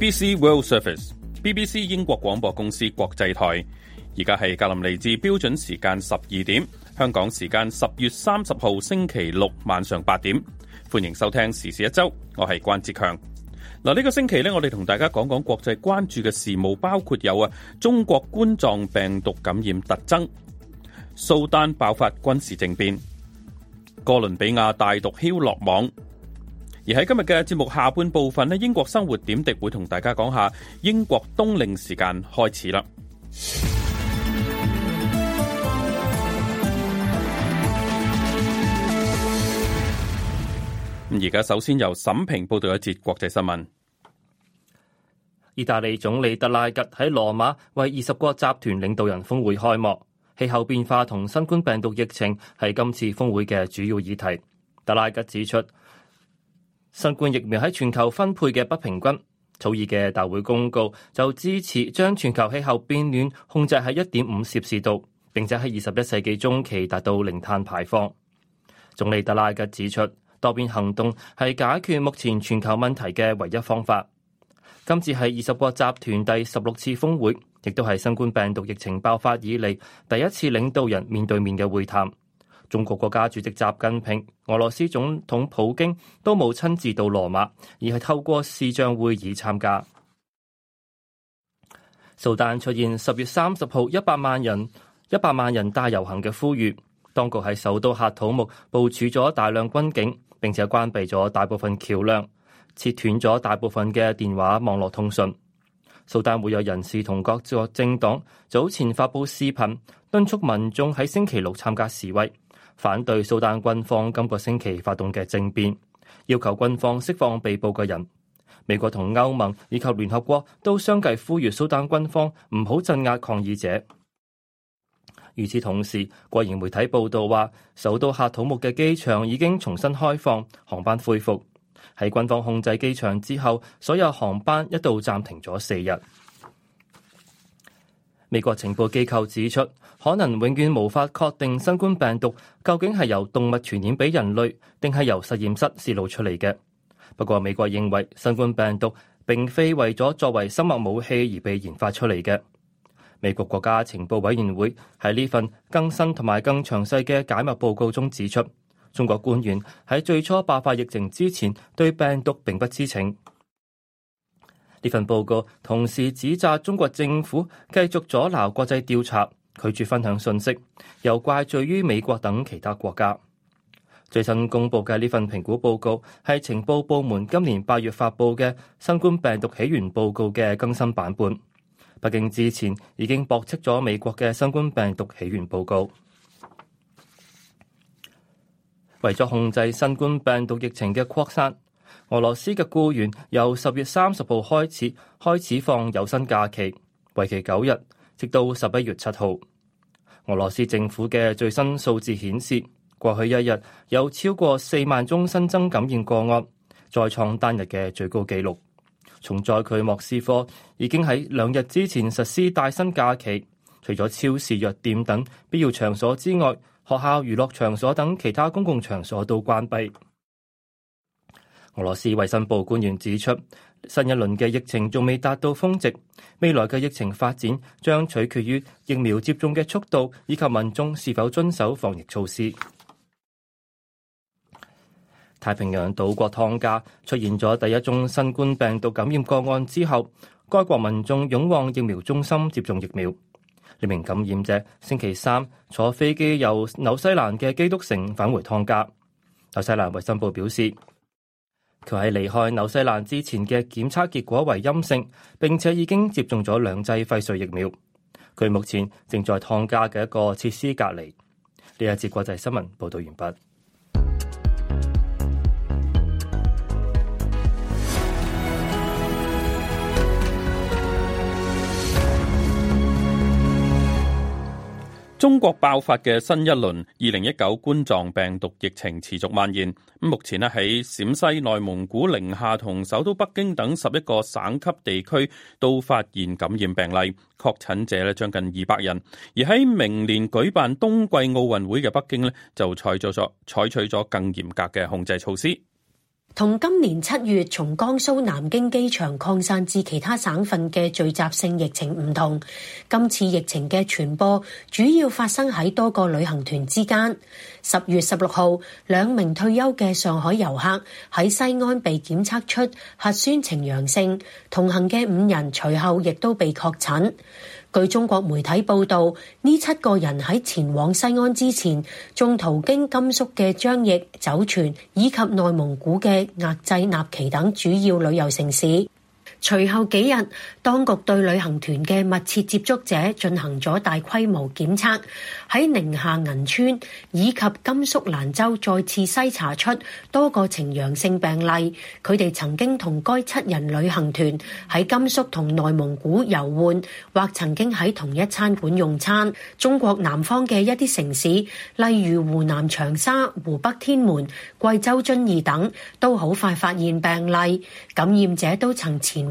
BBC World Service，BBC 英國廣播公司國際台。而家係格林尼治標準時間十二點，香港時間十月三十號星期六晚上八點，歡迎收聽時事一周。我係關志強。嗱，呢個星期咧，我哋同大家講講國際關注嘅事務，包括有啊，中國冠狀病毒感染突增，蘇丹爆發軍事政變，哥倫比亞大毒梟落網。而喺今日嘅節目下半部分呢，英國生活點滴會同大家講下英國冬令時間開始啦。而家首先由沈平報道一節國際新聞。意大利總理德拉吉喺羅馬為二十國集團領導人峰會開幕。氣候變化同新冠病毒疫情係今次峰會嘅主要議題。德拉吉指出。新冠疫苗喺全球分配嘅不平均，草擬嘅大會公告就支持將全球氣候變暖控制喺一點五攝氏度，並且喺二十一世紀中期達到零碳排放。總理德拉吉指出，多邊行動係解決目前全球問題嘅唯一方法。今次係二十國集團第十六次峰會，亦都係新冠病毒疫情爆發以嚟第一次領導人面對面嘅會談。中國國家主席習近平、俄羅斯總統普京都冇親自到羅馬，而係透過視像會議參加。蘇丹出現十月三十號一百萬人一百萬人大遊行嘅呼籲，當局喺首都喀土穆部署咗大量軍警，並且關閉咗大部分橋樑，切斷咗大部分嘅電話網絡通訊。蘇丹會有人士同各個政黨早前發布視頻敦促民眾喺星期六參加示威。反對蘇丹軍方今個星期發動嘅政變，要求軍方釋放被捕嘅人。美國同歐盟以及聯合國都相繼呼籲蘇丹軍方唔好鎮壓抗議者。與此同時，國營媒體報道話，首都喀土穆嘅機場已經重新開放，航班恢復。喺軍方控制機場之後，所有航班一度暫停咗四日。美國情報機構指出，可能永遠無法確定新冠病毒究竟係由動物傳染俾人類，定係由實驗室洩露出嚟嘅。不過，美國認為新冠病毒並非為咗作為生物武器而被研發出嚟嘅。美國國家情報委員會喺呢份更新同埋更詳細嘅解密報告中指出，中國官員喺最初爆發疫情之前對病毒並不知情。呢份報告同時指責中國政府繼續阻撓國際調查。拒絕分享信息，又怪罪於美國等其他國家。最新公布嘅呢份評估報告係情報部門今年八月發布嘅新冠病毒起源報告嘅更新版本。畢竟之前已經駁斥咗美國嘅新冠病毒起源報告。報告為咗控制新冠病毒疫情嘅擴散，俄羅斯嘅僱員由十月三十號開始開始放有薪假期，為期九日。直到十一月七號，俄羅斯政府嘅最新數字顯示，過去一日有超過四萬宗新增感染個案，再創單日嘅最高紀錄。重在佢莫斯科已經喺兩日之前實施帶薪假期，除咗超市、藥店等必要場所之外，學校、娛樂場所等其他公共場所都關閉。俄羅斯衛生部官員指出。新一輪嘅疫情仲未達到峰值，未來嘅疫情發展將取決於疫苗接種嘅速度以及民眾是否遵守防疫措施。太平洋島國湯加出現咗第一宗新冠病毒感染個案之後，該國民眾湧往疫苗中心接種疫苗。呢名感染者星期三坐飛機由紐西蘭嘅基督城返回湯加。紐西蘭衛生部表示。佢喺離開紐西蘭之前嘅檢測結果為陰性，並且已經接種咗兩劑輝瑞疫苗。佢目前正在湯加嘅一個設施隔離。呢一節國際新聞報道完畢。中國爆發嘅新一輪二零一九冠狀病毒疫情持續蔓延，目前咧喺陝西、內蒙古、寧夏同首都北京等十一個省級地區都發現感染病例，確診者咧將近二百人，而喺明年舉辦冬季奧運會嘅北京咧就採取咗採取咗更嚴格嘅控制措施。同今年七月從江蘇南京機場擴散至其他省份嘅聚集性疫情唔同，今次疫情嘅傳播主要發生喺多個旅行團之間。十月十六號，兩名退休嘅上海遊客喺西安被檢測出核酸呈陽性，同行嘅五人隨後亦都被確診。據中國媒體報道，呢七個人喺前往西安之前，仲途經甘肅嘅張掖、酒泉，以及內蒙古嘅額濟納旗等主要旅遊城市。隨後幾日，當局對旅行團嘅密切接觸者進行咗大規模檢測。喺寧夏銀川以及甘肅蘭州再次篩查出多個呈陽性病例，佢哋曾經同該七人旅行團喺甘肅同內蒙古遊玩，或曾經喺同一餐館用餐。中國南方嘅一啲城市，例如湖南長沙、湖北天門、貴州遵義等，都好快發現病例，感染者都曾前。往，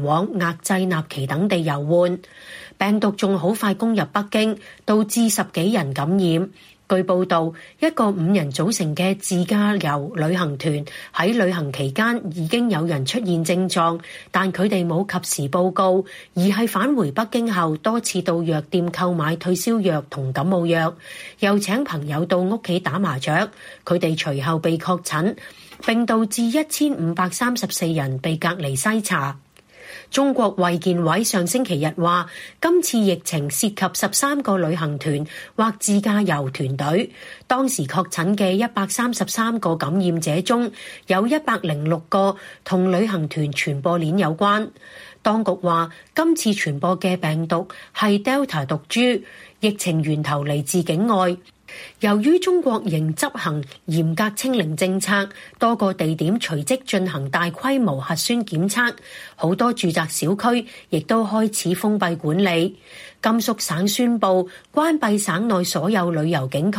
中國衛健委上星期日話，今次疫情涉及十三個旅行團或自駕遊團隊。當時確診嘅一百三十三個感染者中，有一百零六個同旅行團傳播鏈有關。當局話，今次傳播嘅病毒係 Delta 毒株，疫情源頭嚟自境外。由於中國仍執行嚴格清零政策，多個地點隨即進行大規模核酸檢測，好多住宅小區亦都開始封閉管理。甘肅省宣布關閉省內所有旅遊景區、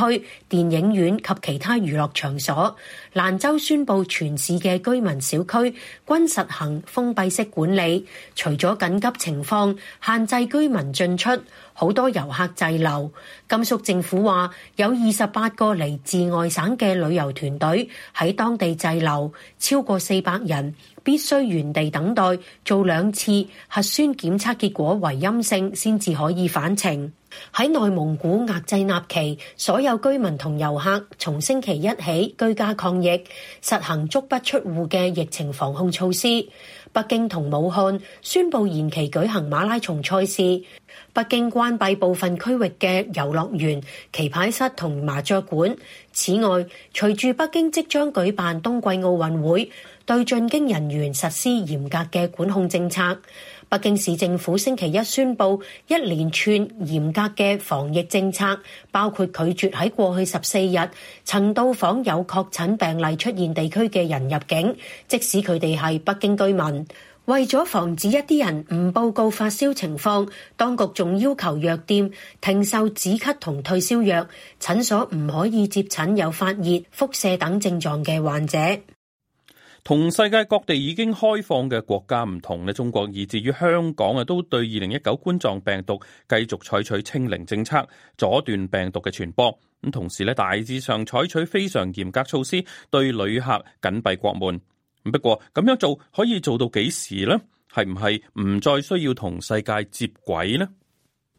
電影院及其他娛樂場所。蘭州宣布全市嘅居民小區均實行封閉式管理，除咗緊急情況，限制居民進出。好多遊客滯留，甘肅政府話有二十八個嚟自外省嘅旅遊團隊喺當地滯留，超過四百人必須原地等待做兩次核酸檢測，結果為陰性先至可以返程。喺內蒙古額濟納旗，所有居民同遊客從星期一起居家抗疫，實行足不出戶嘅疫情防控措施。北京同武漢宣布延期舉行馬拉松賽事，北京關閉部分區域嘅遊樂園、棋牌室同麻雀館。此外，隨住北京即將舉辦冬季奧運會，對進京人員實施嚴格嘅管控政策。北京市政府星期一宣布一連串嚴格嘅防疫政策，包括拒絕喺過去十四日曾到訪有確診病例出現地區嘅人入境，即使佢哋係北京居民。為咗防止一啲人唔報告發燒情況，當局仲要求藥店停售止咳同退燒藥，診所唔可以接診有發熱、腹瀉等症狀嘅患者。同世界各地已經開放嘅國家唔同咧，中國以至於香港啊，都對二零一九冠狀病毒繼續採取清零政策，阻斷病毒嘅傳播。咁同時咧，大致上採取非常嚴格措施，對旅客緊閉國門。不過咁樣做可以做到幾時咧？係唔係唔再需要同世界接軌咧？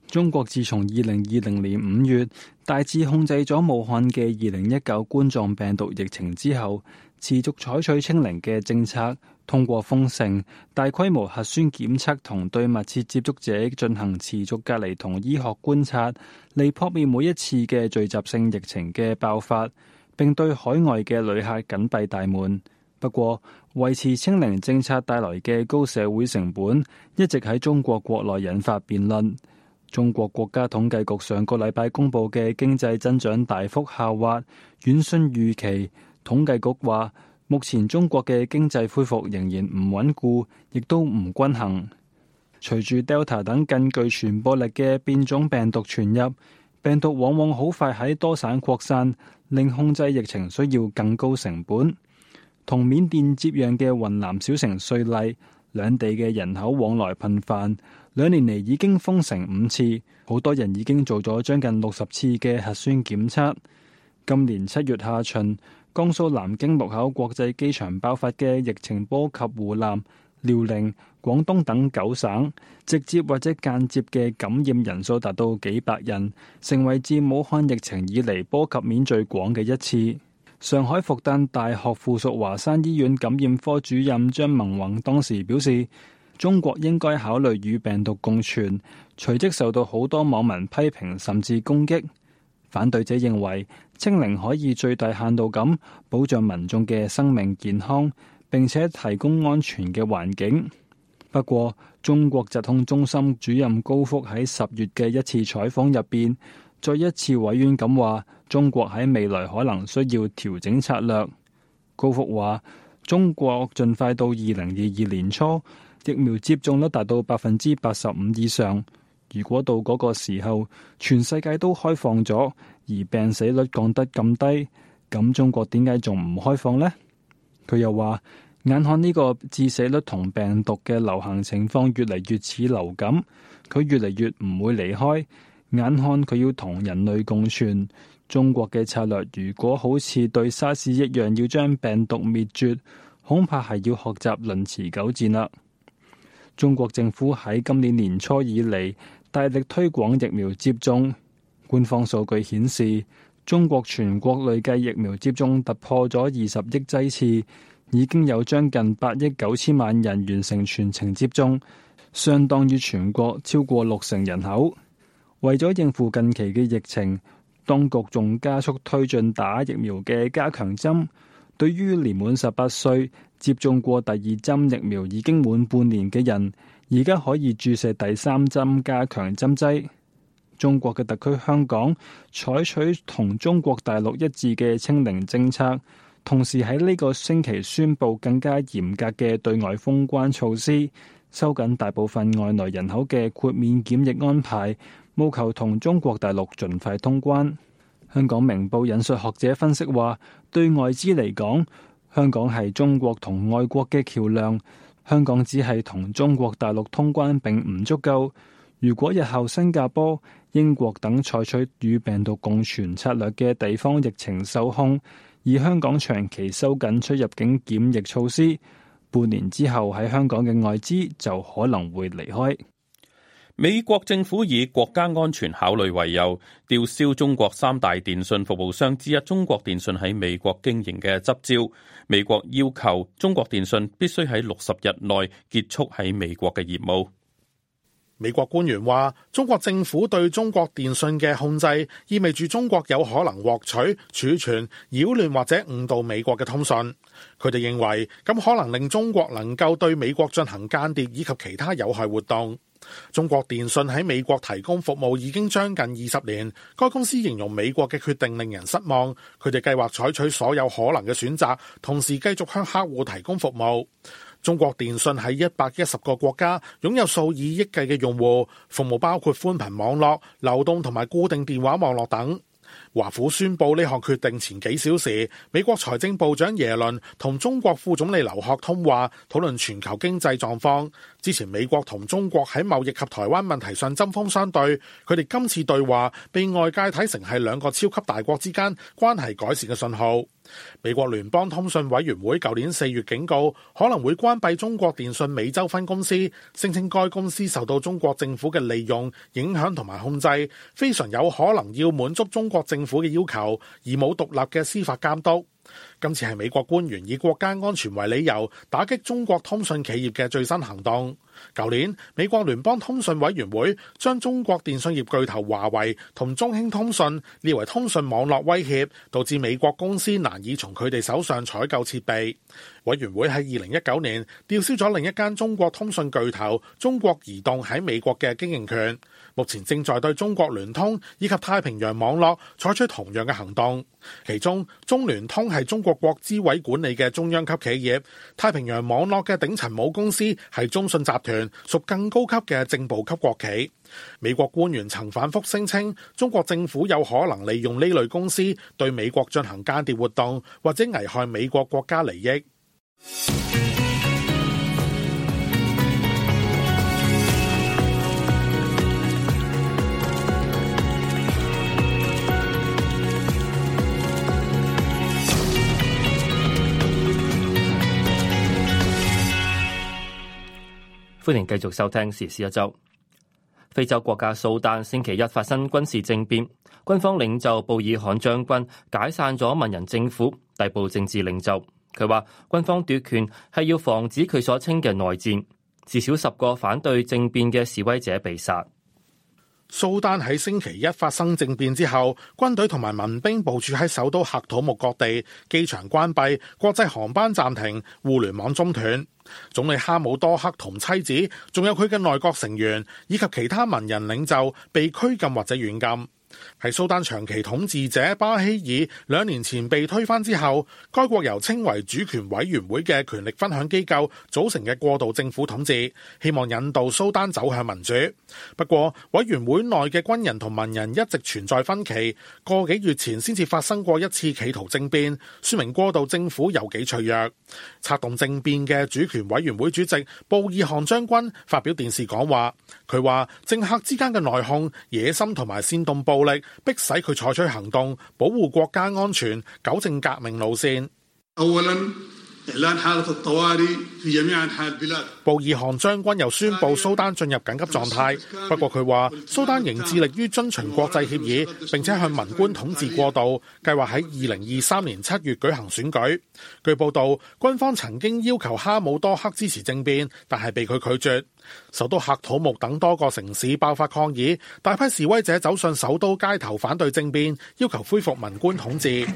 中國自從二零二零年五月大致控制咗武漢嘅二零一九冠狀病毒疫情之後，持續採取清零嘅政策，通過封城、大規模核酸檢測同對密切接觸者進行持續隔離同醫學觀察，嚟撲滅每一次嘅聚集性疫情嘅爆發，並對海外嘅旅客緊閉大門。不過，維持清零政策帶來嘅高社會成本一直喺中國國內引發辯論。中國國家統計局上個禮拜公布嘅經濟增長大幅下滑，遠遜預期。統計局話，目前中國嘅經濟恢復仍然唔穩固，亦都唔均衡。隨住 Delta 等更具傳播力嘅變種病毒傳入，病毒往往好快喺多省擴散，令控制疫情需要更高成本。同緬甸接壤嘅雲南小城瑞麗，兩地嘅人口往來頻繁。兩年嚟已經封城五次，好多人已經做咗將近六十次嘅核酸檢測。今年七月下旬，江蘇南京祿口國際機場爆發嘅疫情波及湖南、遼寧、廣東等九省，直接或者間接嘅感染人數達到幾百人，成為自武漢疫情以嚟波及面最廣嘅一次。上海復旦大學附屬華山醫院感染科主任張文宏當時表示：中國應該考慮與病毒共存，隨即受到好多網民批評，甚至攻擊。反對者認為清零可以最大限度咁保障民眾嘅生命健康，並且提供安全嘅環境。不過，中國疾控中心主任高福喺十月嘅一次採訪入邊，再一次委婉咁話：中國喺未來可能需要調整策略。高福話：中國盡快到二零二二年初。疫苗接種率達到百分之八十五以上，如果到嗰個時候全世界都開放咗，而病死率降得咁低，咁中國點解仲唔開放咧？佢又話，眼看呢個致死率同病毒嘅流行情況越嚟越似流感，佢越嚟越唔會離開。眼看佢要同人類共存，中國嘅策略如果好似對沙士一樣要將病毒滅絕，恐怕係要學習論持久戰啦。中國政府喺今年年初以嚟，大力推廣疫苗接種，官方數據顯示，中國全國累計疫苗接種突破咗二十億劑次，已經有將近八億九千萬人完成全程接種，相當於全國超過六成人口。為咗應付近期嘅疫情，當局仲加速推進打疫苗嘅加強針，對於年滿十八歲。接種過第二針疫苗已經滿半年嘅人，而家可以注射第三針加強針劑。中國嘅特區香港採取同中國大陸一致嘅清零政策，同時喺呢個星期宣布更加嚴格嘅對外封關措施，收緊大部分外來人口嘅豁免檢疫安排，務求同中國大陸盡快通關。香港明報引述學者分析話，對外資嚟講。香港係中國同外國嘅橋梁，香港只係同中國大陸通關並唔足夠。如果日後新加坡、英國等採取與病毒共存策略嘅地方疫情受控，而香港長期收緊出入境檢疫措施，半年之後喺香港嘅外資就可能會離開。美國政府以國家安全考慮為由，吊銷中國三大電信服務商之一中國電信喺美國經營嘅執照。美國要求中國電信必須喺六十日內結束喺美國嘅業務。美國官員話，中國政府對中國電信嘅控制意味住中國有可能獲取、儲存、擾亂或者誤導美國嘅通訊。佢哋認為，咁可能令中國能夠對美國進行間諜以及其他有害活動。中國電信喺美國提供服務已經將近二十年。該公司形容美國嘅決定令人失望，佢哋計劃採取所有可能嘅選擇，同時繼續向客戶提供服務。中國電信喺一百一十個國家擁有數以億計嘅用戶，服務包括寬頻網絡、流動同埋固定電話網絡等。華府宣布呢項決定前幾小時，美國財政部長耶倫同中國副總理劉鶴通話，討論全球經濟狀況。之前美國同中國喺貿易及台灣問題上針鋒相對，佢哋今次對話被外界睇成係兩個超級大國之間關係改善嘅信號。美國聯邦通信委員會舊年四月警告，可能會關閉中國電信美洲分公司，聲稱該公司受到中國政府嘅利用、影響同埋控制，非常有可能要滿足中國政府嘅要求，而冇獨立嘅司法監督。今次係美國官員以國家安全為理由打擊中國通訊企業嘅最新行動。舊年，美國聯邦通訊委員會將中國電信業巨頭華為同中興通訊列為通訊網絡威脅，導致美國公司難以從佢哋手上採購設備。委員會喺二零一九年吊銷咗另一間中國通訊巨頭中國移動喺美國嘅經營權。目前正在對中國聯通以及太平洋網絡採取同樣嘅行動。其中，中聯通係中國國資委管理嘅中央級企業，太平洋網絡嘅頂層母公司係中信集團，屬更高級嘅正部級國企。美國官員曾反覆聲稱，中國政府有可能利用呢類公司對美國進行間諜活動或者危害美國國家利益。歡迎繼續收聽時事一周。非洲國家蘇丹星期一發生軍事政變，軍方領袖布爾罕將軍解散咗文人政府，逮捕政治領袖。佢話軍方奪權係要防止佢所稱嘅內戰，至少十個反對政變嘅示威者被殺。蘇丹喺星期一發生政變之後，軍隊同埋民兵部署喺首都喀土木各地，機場關閉，國際航班暫停，互聯網中斷。總理哈姆多克同妻子，仲有佢嘅內閣成員，以及其他文人領袖被拘禁或者軟禁。係蘇丹長期統治者巴希爾兩年前被推翻之後，該國由稱為主權委員會嘅權力分享機構組成嘅過渡政府統治，希望引導蘇丹走向民主。不過委員會內嘅軍人同文人一直存在分歧，個幾月前先至發生過一次企圖政變，說明過渡政府有幾脆弱。策動政變嘅主權委員會主席布爾汗將軍發表電視講話，佢話政客之間嘅內訌、野心同埋煽動暴力。迫使佢採取行動，保護國家安全，糾正革命路線。 布爾汗將軍又宣布蘇丹進入緊急狀態，不過佢話蘇丹仍致力於遵循國際協議，並且向文官統治過渡，計劃喺二零二三年七月舉行選舉。據報道，軍方曾經要求哈姆多克支持政變，但係被佢拒絕。首都喀土穆等多個城市爆發抗議，大批示威者走上首都街頭反對政變，要求恢復文官統治。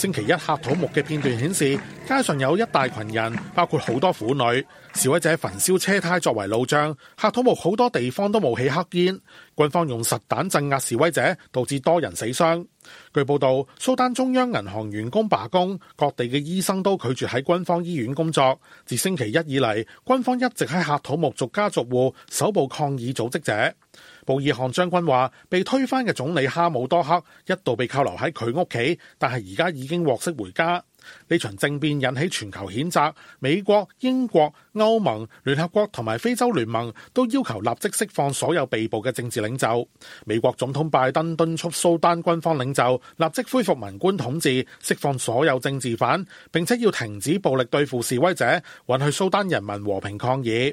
星期一喀土木嘅片段顯示，街上有一大群人，包括好多婦女。示威者焚燒車胎作為路障，喀土木好多地方都冒起黑煙。軍方用實彈鎮壓示威者，導致多人死傷。據報道，蘇丹中央銀行員工罷工，各地嘅醫生都拒絕喺軍方醫院工作。自星期一以嚟，軍方一直喺喀土木逐家逐戶搜捕抗議組織者。布爾漢將軍話：被推翻嘅總理哈姆多克一度被扣留喺佢屋企，但係而家已經獲釋回家。呢場政變引起全球譴責，美國、英國、歐盟、聯合國同埋非洲聯盟都要求立即釋放所有被捕嘅政治領袖。美國總統拜登敦促蘇丹軍方領袖立即恢復文官統治，釋放所有政治犯，並且要停止暴力對付示威者，允許蘇丹人民和平抗議。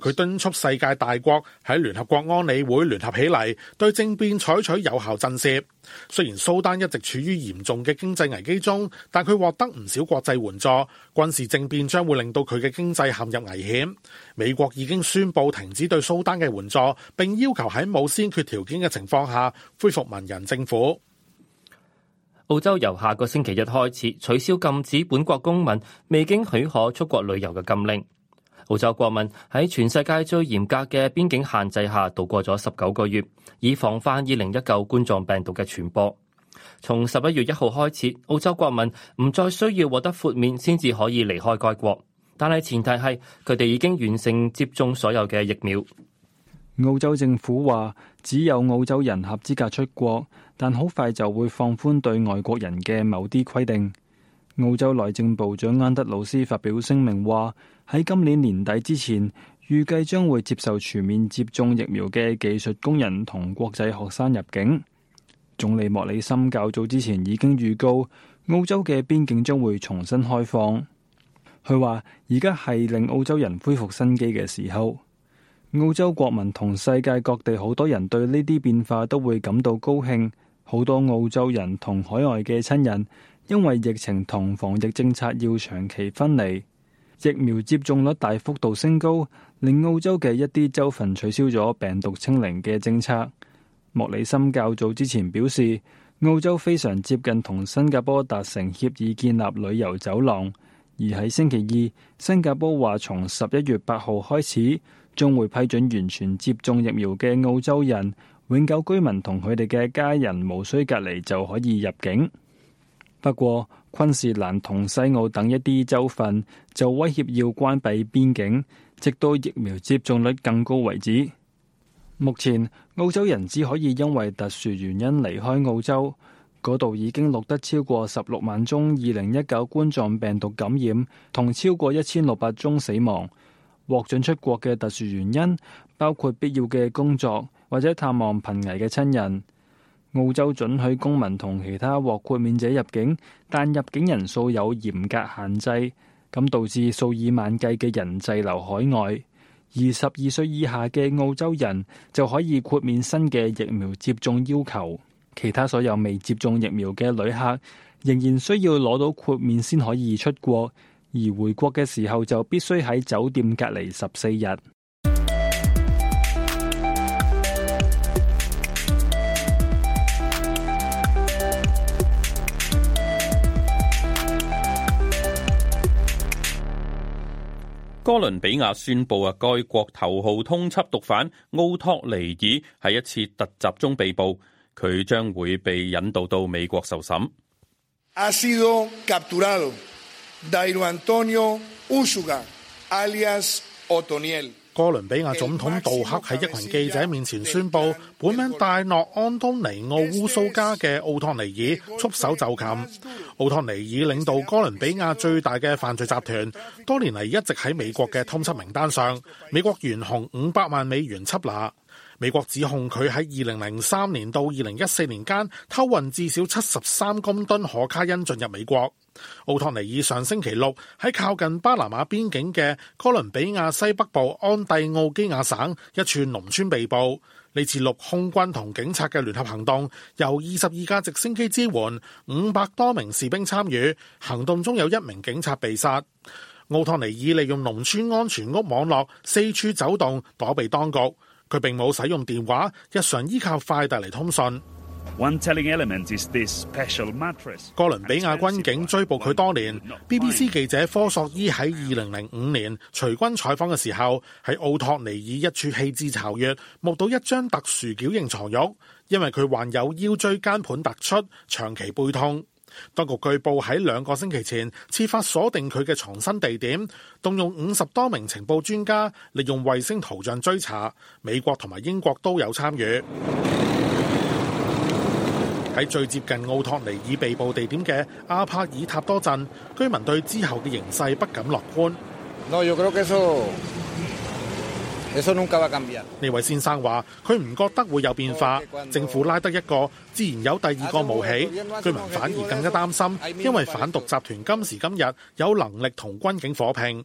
佢敦促世界大國喺聯合國安理會聯合起嚟，對政變採取有效震懾。雖然蘇丹一直處於嚴重嘅經濟危機中，但佢獲得唔少國際援助。軍事政變將會令到佢嘅經濟陷入危險。美國已經宣布停止對蘇丹嘅援助，並要求喺冇先決條件嘅情況下恢復文人政府。澳洲由下個星期一開始取消禁止本國公民未經許可出國旅遊嘅禁令。澳洲國民喺全世界最嚴格嘅邊境限制下度過咗十九個月，以防範二零一九冠狀病毒嘅傳播。從十一月一號開始，澳洲國民唔再需要獲得豁免先至可以離開該國，但係前提係佢哋已經完成接種所有嘅疫苗。澳洲政府話，只有澳洲人合資格出國，但好快就會放寬對外國人嘅某啲規定。澳洲內政部長安德魯斯發表聲明話：喺今年年底之前，預計將會接受全面接種疫苗嘅技術工人同國際學生入境。總理莫里森較早之前已經預告，澳洲嘅邊境將會重新開放。佢話而家係令澳洲人恢復生機嘅時候，澳洲國民同世界各地好多人對呢啲變化都會感到高興，好多澳洲人同海外嘅親人，因為疫情同防疫政策要長期分離。疫苗接種率大幅度升高，令澳洲嘅一啲州份取消咗病毒清零嘅政策。莫里森較早之前表示，澳洲非常接近同新加坡達成協議，建立旅遊走廊。而喺星期二，新加坡話從十一月八號開始，將會批准完全接種疫苗嘅澳洲人、永久居民同佢哋嘅家人，無需隔離就可以入境。不過，昆士蘭同西澳等一啲州份就威脅要關閉邊境，直到疫苗接種率更高為止。目前，澳洲人只可以因為特殊原因離開澳洲。嗰度已經錄得超過十六萬宗二零一九冠狀病毒感染，同超過一千六百宗死亡。獲准出國嘅特殊原因包括必要嘅工作，或者探望瀕危嘅親人。澳洲准許公民同其他獲豁免者入境，但入境人數有嚴格限制，咁導致數以萬計嘅人滯留海外。二十二歲以下嘅澳洲人就可以豁免新嘅疫苗接種要求，其他所有未接種疫苗嘅旅客仍然需要攞到豁免先可以出國，而回國嘅時候就必須喺酒店隔離十四日。哥倫比亞宣佈啊，該國頭號通緝毒犯奧托尼爾喺一次突襲中被捕，佢將會被引渡到美國受審。 哥倫比亞總統杜克喺一群記者面前宣布，本名大諾安東尼奧烏蘇加嘅奧托尼爾束手就擒。奧托尼爾領導哥倫比亞最大嘅犯罪集團，多年嚟一直喺美國嘅通緝名單上，美國懸紅五百萬美元緝拿。美國指控佢喺二零零三年到二零一四年間偷運至少七十三公噸可卡因進入美國。奧托尼爾上星期六喺靠近巴拿馬邊境嘅哥倫比亞西北部安蒂奧基亞省一處農村被捕。呢次陸空軍同警察嘅聯合行動，由二十二架直升機支援，五百多名士兵參與，行動中有一名警察被殺。奧托尼爾利用農村安全屋網絡四處走動，躲避當局。佢並冇使用電話，日常依靠快遞嚟通訊。哥倫比亞軍警追捕佢多年。BBC 記者科索伊喺二零零五年隨軍採訪嘅時候，喺奧托尼爾一處棄置巢穴，目睹一張特殊矯形床褥，因為佢患有腰椎間盤突出，長期背痛。當局據報喺兩個星期前設法鎖定佢嘅藏身地點，動用五十多名情報專家，利用衛星圖像追查。美國同埋英國都有參與。喺最接近奧托尼爾被捕地點嘅阿帕爾塔多鎮，居民對之後嘅形勢不敢樂觀。No, 呢位先生話：佢唔覺得會有變化。政府拉得一個，自然有第二個冒起。居民反而更加擔心，因為反毒集團今時今日有能力同軍警火拼。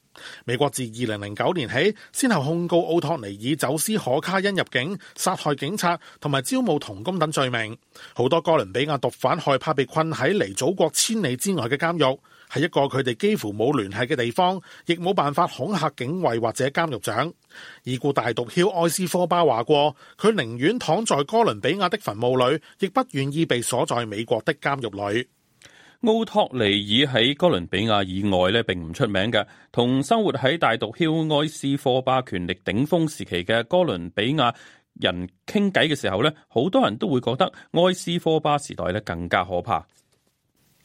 美國自二零零九年起先後控告奧托尼爾走私可卡因入境、殺害警察同埋招募童工等罪名。好多哥倫比亞毒販害怕被困喺離祖國千里之外嘅監獄，係一個佢哋幾乎冇聯繫嘅地方，亦冇辦法恐嚇警衛或者監獄長。已故大毒梟愛斯科巴話過，佢寧願躺在哥倫比亞的墳墓裏，亦不願意被鎖在美國的監獄裏。奧托尼爾喺哥倫比亞以外咧並唔出名嘅，同生活喺大毒梟埃斯科巴權力頂峰時期嘅哥倫比亞人傾偈嘅時候呢，好多人都會覺得埃斯科巴時代更加可怕。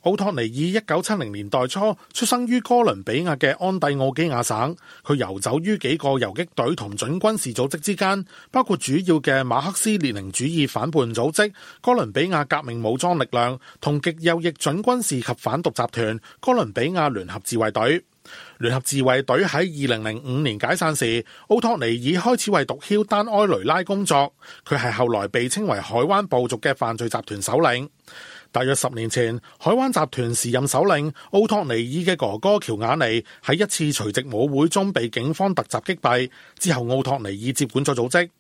奧托尼爾一九七零年代初出生於哥倫比亞嘅安第奧基亞省，佢游走於幾個遊擊隊同準軍事組織之間，包括主要嘅馬克思列寧主義反叛組織哥倫比亞革命武裝力量同極右翼準軍事及反毒集團哥倫比亞聯合自衛隊。聯合自衛隊喺二零零五年解散時，奧托尼爾開始為毒梟丹埃雷拉工作，佢係後來被稱為海灣部族嘅犯罪集團首領。大約十年前，海灣集團時任首領奧托尼爾嘅哥哥喬瓦尼喺一次除夕舞會中被警方突襲擊斃，之後奧托尼爾接管咗組織。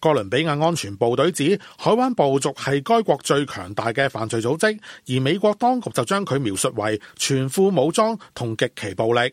哥倫比亞安全部隊指海灣部族係該國最強大嘅犯罪組織，而美國當局就將佢描述為全副武裝同極其暴力。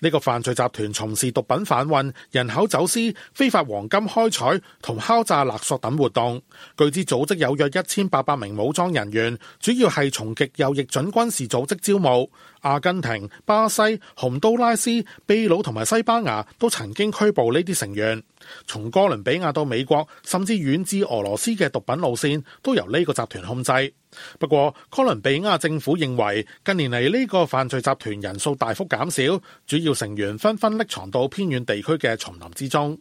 呢個犯罪集團從事毒品販運、人口走私、非法黃金開採同敲詐勒索等活動。據知組織有約一千八百名武裝人員，主要係從極右翼準軍事組織招募。阿根廷、巴西、洪都拉斯、秘魯同埋西班牙都曾經拘捕呢啲成員。從哥倫比亞到美美國甚至遠至俄羅斯嘅毒品路線都由呢個集團控制。不過，哥倫比亞政府認為近年嚟呢個犯罪集團人數大幅減少，主要成員紛紛匿藏到偏遠地區嘅叢林之中。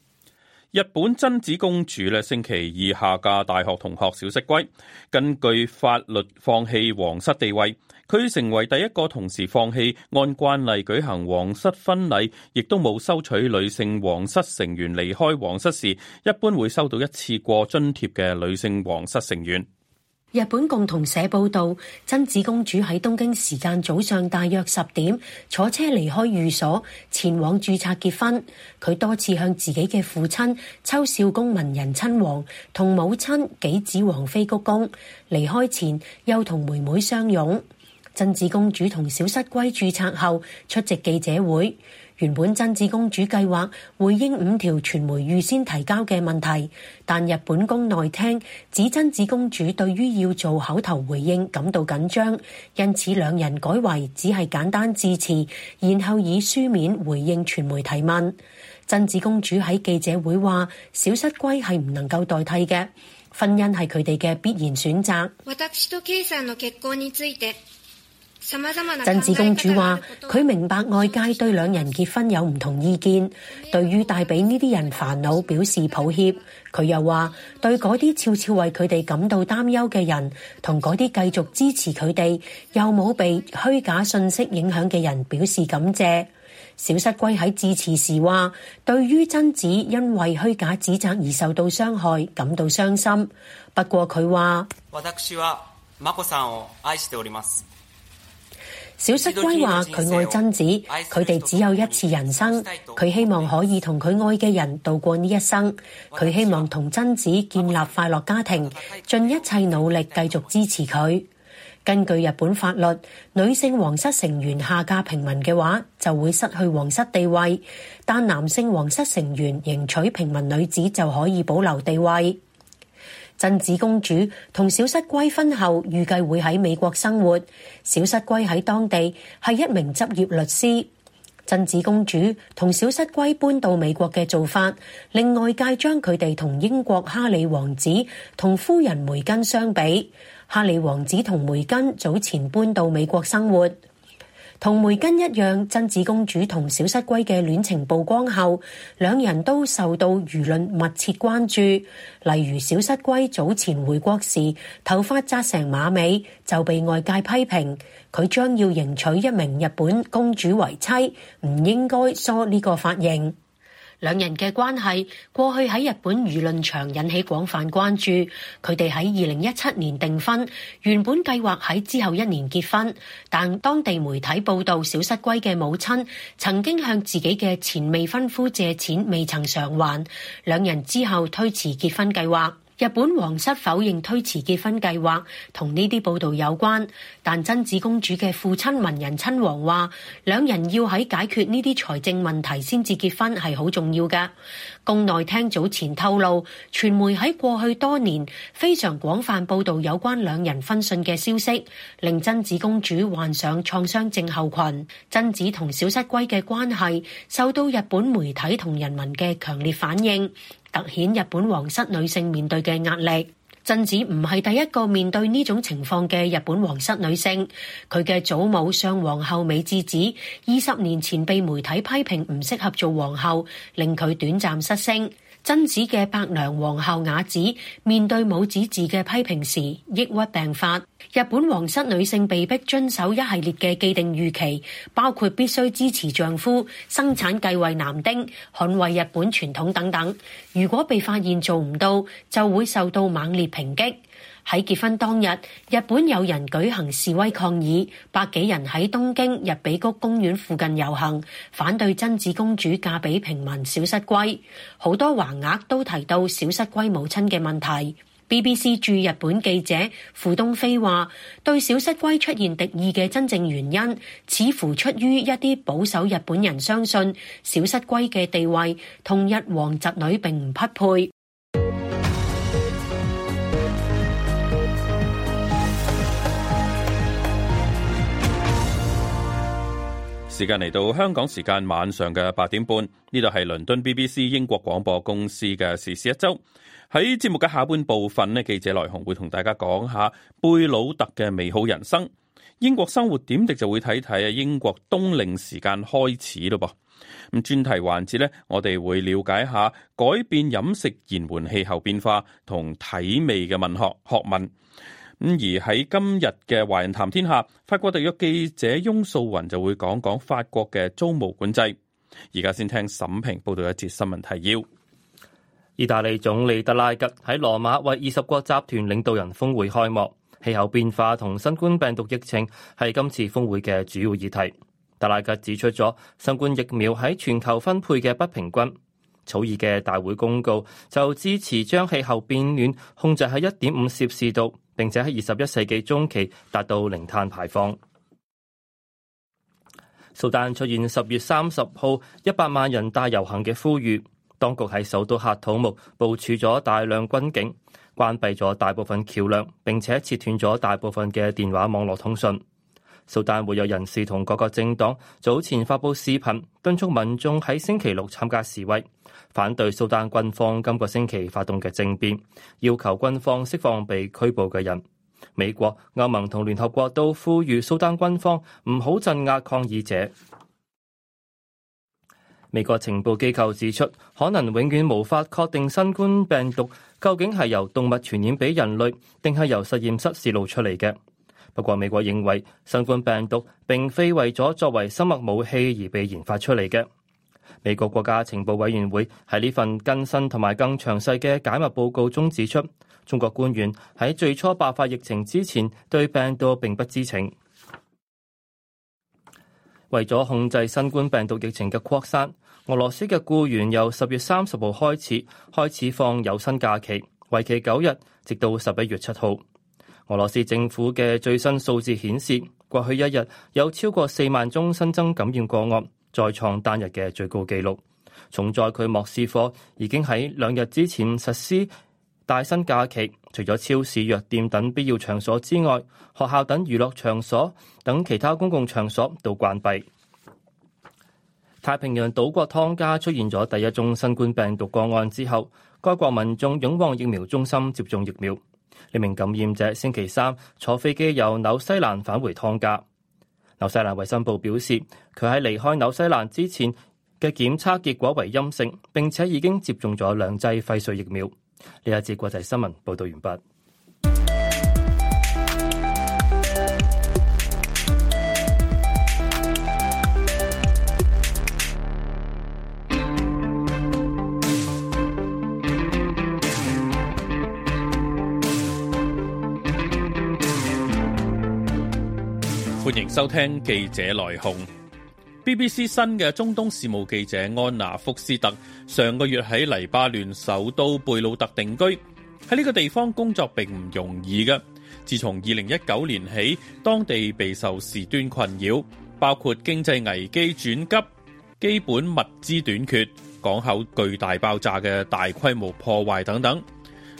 日本真子公主咧，星期二下嫁大學同學小室圭，根據法律放棄皇室地位。佢成為第一個同時放棄按慣例舉行皇室婚禮，亦都冇收取女性皇室成員離開皇室時一般會收到一次過津貼嘅女性皇室成員。日本共同社報道，真子公主喺東京時間早上大約十點坐車離開寓所，前往註冊結婚。佢多次向自己嘅父親秋篠宮文仁親王同母親紀子王妃鞠躬，離開前，又同妹妹相擁。真子公主同小室圭註冊後出席記者會。原本真子公主計劃回應五條傳媒預先提交嘅問題，但日本宮內廳指真子公主對於要做口頭回應感到緊張，因此兩人改為只係簡單致辭，然後以書面回應傳媒提問。真子公主喺記者會話：小室圭係唔能夠代替嘅，婚姻係佢哋嘅必然選擇。真子公主話：佢明白外界對兩人結婚有唔同意見，對於帶俾呢啲人煩惱表示抱歉。佢又話，對嗰啲悄悄為佢哋感到擔憂嘅人，同嗰啲繼續支持佢哋又冇被虛假信息影響嘅人表示感謝。小室圭喺致辭時話：對於真子因為虛假指責而受到傷害感到傷心，不過佢話。小室圭話：佢愛真子，佢哋只有一次人生，佢希望可以同佢愛嘅人度過呢一生。佢希望同真子建立快樂家庭，盡一切努力繼續支持佢。根據日本法律，女性皇室成員下嫁平民嘅話，就會失去皇室地位，但男性皇室成員迎娶平民女子就可以保留地位。真子公主同小室圭婚後預計會喺美國生活，小室圭喺當地係一名執業律師。真子公主同小室圭搬到美國嘅做法，令外界將佢哋同英國哈里王子同夫人梅根相比。哈里王子同梅根早前搬到美國生活。同梅根一樣，真子公主同小室圭嘅戀情曝光後，兩人都受到輿論密切關注。例如小室圭早前回國時，頭髮紮成馬尾，就被外界批評，佢將要迎娶一名日本公主為妻，唔應該梳呢個髮型。兩人嘅關係過去喺日本輿論場引起廣泛關注，佢哋喺二零一七年訂婚，原本計劃喺之後一年結婚，但當地媒體報導，小室圭嘅母親曾經向自己嘅前未婚夫借錢，未曾償還，兩人之後推遲結婚計劃。日本皇室否認推遲結婚計劃同呢啲報道有關，但真子公主嘅父親文仁親王話，兩人要喺解決呢啲財政問題先至結婚係好重要嘅。宮內廳早前透露，傳媒喺過去多年非常廣泛報道有關兩人婚訊嘅消息，令真子公主患上創傷症候群。真子同小室圭嘅關係受到日本媒體同人民嘅強烈反應。凸顯日本皇室女性面對嘅壓力。真子唔係第一個面對呢種情況嘅日本皇室女性，佢嘅祖母上皇后美智子二十年前被媒體批評唔適合做皇后，令佢短暫失聲。真子嘅伯娘皇后雅子面對母子治嘅批評時，抑鬱病發。日本皇室女性被逼遵守一系列嘅既定預期，包括必須支持丈夫、生產繼位男丁、捍衛日本傳統等等。如果被發現做唔到，就會受到猛烈抨擊。喺結婚當日，日本有人舉行示威抗議，百幾人喺東京日比谷公園附近遊行，反對真子公主嫁俾平民小室圭。好多橫額都提到小室圭母親嘅問題。BBC 駐日本記者傅東飛話，對小室圭出現敵意嘅真正原因，似乎出於一啲保守日本人相信小室圭嘅地位同日皇侄女並唔匹配。時間嚟到香港時間晚上嘅八點半，呢度係倫敦 BBC 英國廣播公司嘅時事一周。喺節目嘅下半部分咧，記者來鴻會同大家講下貝魯特嘅美好人性。英國生活點滴就會睇睇啊，英國冬令時間開始咯噃。咁專題環節呢，我哋會了解下改變飲食延緩氣候變化同體味嘅文學學問。而喺今日嘅《華人談天下》，法國特約記者翁素雲就會講講法國嘅租務管制。而家先聽沈平報道一節新聞提要。意大利總理德拉吉喺羅馬為二十國集團領導人峰會開幕，氣候變化同新冠病毒疫情係今次峰會嘅主要議題。德拉吉指出咗新冠疫苗喺全球分配嘅不平均。草擬嘅大會公告就支持將氣候變暖控制喺一點五攝氏度。並且喺二十一世紀中期達到零碳排放。蘇丹出現十月三十號一百萬人大遊行嘅呼籲，當局喺首都喀土木部署咗大量軍警，關閉咗大部分橋樑，並且切斷咗大部分嘅電話網絡通訊。蘇丹活躍人士同各個政黨早前發布視頻敦促民眾喺星期六參加示威，反對蘇丹軍方今個星期發動嘅政變，要求軍方釋放被拘捕嘅人。美國、歐盟同聯合國都呼籲蘇丹軍方唔好鎮壓抗議者。美國情報機構指出，可能永遠無法確定新冠病毒究竟係由動物傳染俾人類，定係由實驗室洩露出嚟嘅。不過，美國認為新冠病毒並非為咗作為生物武器而被研發出嚟嘅。美國國家情報委員會喺呢份更新同埋更詳細嘅解密報告中指出，中國官員喺最初爆發疫情之前對病毒並不知情。為咗控制新冠病毒疫情嘅擴散，俄羅斯嘅僱員由十月三十號開始開始放有薪假期，為期九日，直到十一月七號。俄羅斯政府嘅最新數字顯示，過去一日有超過四萬宗新增感染個案，再創單日嘅最高紀錄。重災區莫斯科已經喺兩日之前實施帶薪假期，除咗超市、藥店等必要場所之外，學校等娛樂場所等其他公共場所都關閉。太平洋島國湯加出現咗第一宗新冠病毒個案之後，該國民眾湧往疫苗中心接種疫苗。呢名感染者星期三坐飛機由紐西蘭返回湯加。紐西蘭衛生部表示，佢喺離開紐西蘭之前嘅檢測結果為陰性，並且已經接種咗兩劑輝瑞疫苗。呢一節國際新聞報道完畢。歡迎收聽記者來鴻。BBC 新嘅中東事務記者安娜福斯特上個月喺黎巴嫩首都貝魯特定居。喺呢個地方工作並唔容易嘅。自從二零一九年起，當地備受時端困擾，包括經濟危機轉急、基本物資短缺、港口巨大爆炸嘅大規模破壞等等。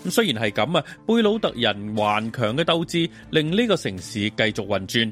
咁雖然係咁啊，貝魯特人頑強嘅鬥志令呢個城市繼續運轉。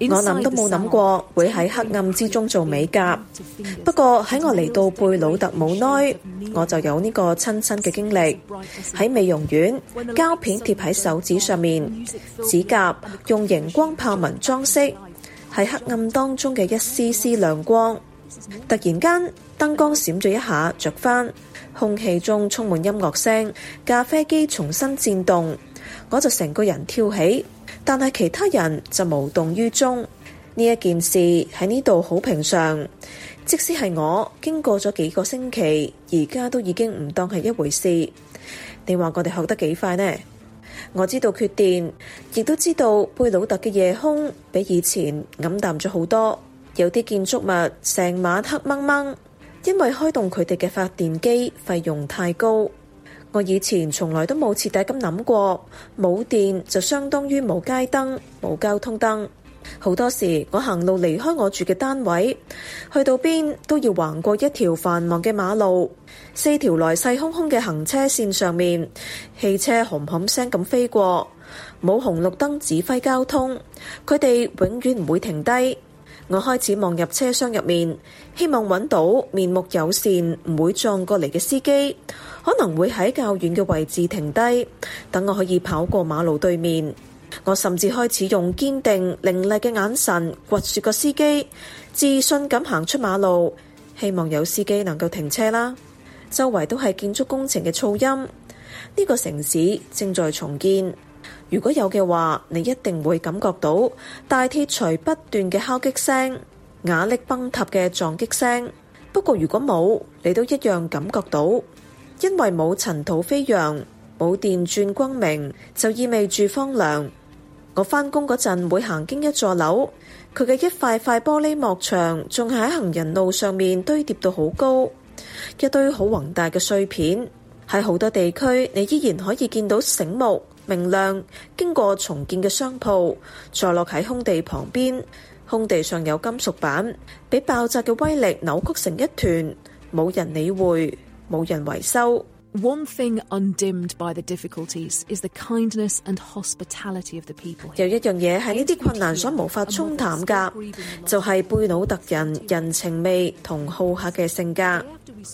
我諗都冇諗過會喺黑暗之中做美甲，不過喺我嚟到貝魯特冇耐，我就有呢個親身嘅經歷。喺美容院，膠片貼喺手指上面，指甲用熒光豹紋裝飾，係黑暗當中嘅一絲絲亮光。突然間，燈光閃咗一下，着返，空氣中充滿音樂聲，咖啡機重新顫動，我就成個人跳起。但係其他人就無動於衷，呢一件事喺呢度好平常。即使係我經過咗幾個星期，而家都已經唔當係一回事。你話我哋學得幾快呢？我知道缺電，亦都知道貝魯特嘅夜空比以前黯淡咗好多，有啲建築物成晚黑掹掹，因為開動佢哋嘅發電機費用太高。我以前從來都冇徹底咁諗過，冇電就相當於冇街燈、冇交通燈。好多時我行路離開我住嘅單位，去到邊都要橫過一條繁忙嘅馬路，四條來勢洶洶嘅行車線上面，汽車轟轟聲咁飛過，冇紅綠燈指揮交通，佢哋永遠唔會停低。我開始望入車廂入面。希望揾到面目友善、唔會撞過嚟嘅司機，可能會喺較遠嘅位置停低，等我可以跑過馬路對面。我甚至開始用堅定、凌厲嘅眼神掘住個司機自信咁行出馬路，希望有司機能夠停車啦。周圍都係建築工程嘅噪音，呢個城市正在重建。如果有嘅話，你一定會感覺到大鐵錘不斷嘅敲擊聲。瓦礫崩塌嘅撞擊聲，不過如果冇，你都一樣感覺到，因為冇塵土飛揚，冇電鑽轟鳴，就意味住荒涼。我返工嗰陣會行經一座樓，佢嘅一塊塊玻璃幕牆仲係喺行人路上面堆疊到好高，一堆好宏大嘅碎片。喺好多地區，你依然可以見到醒目明亮、經過重建嘅商鋪坐落喺空地旁邊。空地上有金屬板，俾爆炸嘅威力扭曲成一團，冇人理會，冇人維修。有一樣嘢係呢啲困難所無法沖淡噶，就係貝魯特人人情味同好客嘅性格。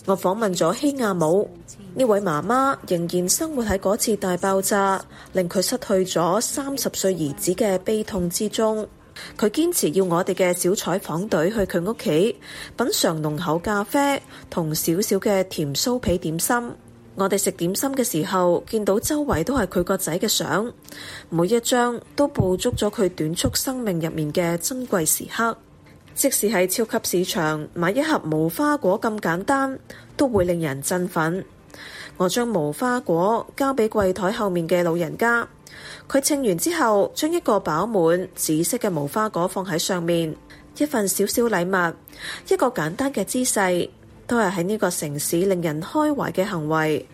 我訪問咗希亞姆呢位媽媽，仍然生活喺嗰次大爆炸令佢失去咗三十歲兒子嘅悲痛之中。佢堅持要我哋嘅小採訪隊去佢屋企品嘗濃厚咖啡同少少嘅甜酥皮點心。我哋食點心嘅時候，見到周圍都係佢個仔嘅相，每一張都捕捉咗佢短促生命入面嘅珍貴時刻。即使喺超級市場買一盒無花果咁簡單，都會令人振奮。我將無花果交俾櫃台後面嘅老人家。佢稱完之後，將一個飽滿紫色嘅無花果放喺上面，一份小小禮物，一個簡單嘅姿勢，都係喺呢個城市令人開懷嘅行為。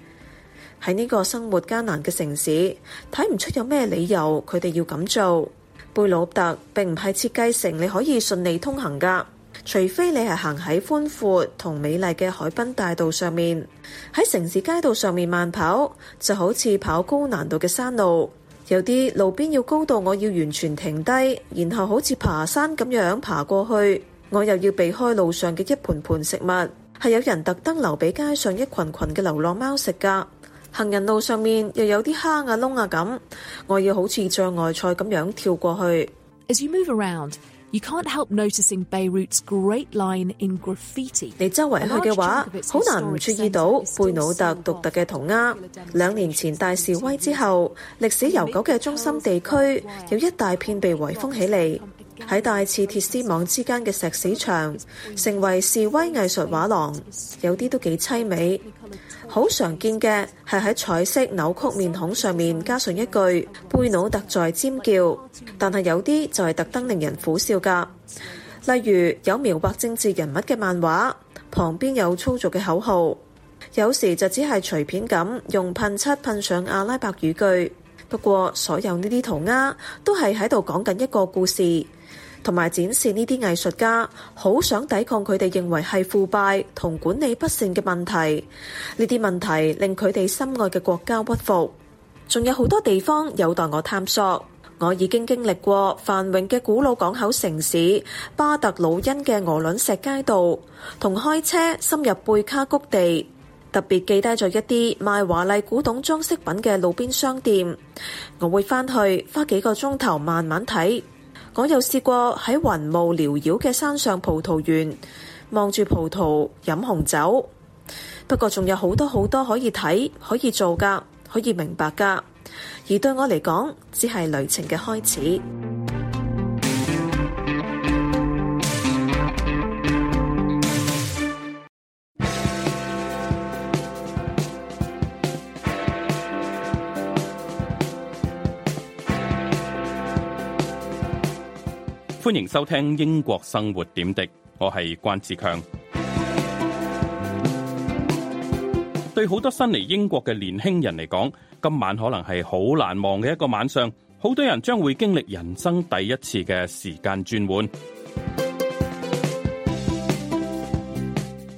喺呢個生活艱難嘅城市，睇唔出有咩理由佢哋要咁做。貝魯特並唔係設計成你可以順利通行㗎，除非你係行喺寬闊同美麗嘅海濱大道上面，喺城市街道上面慢跑，就好似跑高難度嘅山路。有啲路邊要高到我要完全停低，然後好似爬山咁樣爬過去。我又要避開路上嘅一盤盤食物，係有人特登留俾街上一群群嘅流浪貓食噶。行人路上面又有啲坑啊窿啊咁，我要好似障礙賽咁樣跳過去。As you move You can't help noticing Beirut's great line in graffiti. 你周圍去嘅話，好難唔注意到貝魯特獨特嘅塗鴉。兩年前大示威之後，歷史悠久嘅中心地區有一大片被圍封起嚟，喺大次鐵絲網之間嘅石屎牆，成為示威藝術畫廊，有啲都幾淒美。好常見嘅係喺彩色扭曲面孔上面加上一句，貝魯特在尖叫。但係有啲就係特登令人苦笑㗎。例如有描畫政治人物嘅漫畫，旁邊有粗俗嘅口號。有時就只係隨便咁用噴漆噴上阿拉伯語句。不過所有呢啲塗鴉都係喺度講緊一個故事。同埋展示呢啲藝術家好想抵抗佢哋認為係腐敗同管理不善嘅問題，呢啲問題令佢哋心愛嘅國家屈服。仲有好多地方有待我探索。我已經經歷過繁榮嘅古老港口城市巴特魯恩嘅鵝卵石街道，同開車深入貝卡谷地，特別記低咗一啲賣華麗古董裝飾品嘅路邊商店。我會翻去花幾個鐘頭慢慢睇。我又試過喺雲霧繚繞嘅山上葡萄園，望住葡萄飲紅酒。不過仲有好多好多可以睇、可以做㗎、可以明白㗎。而對我嚟講，只係旅程嘅開始。歡迎收聽英國生活點滴，我係關志強。對好多新嚟英國嘅年輕人嚟講，今晚可能係好難忘嘅一個晚上，好多人將會經歷人生第一次嘅時間轉換。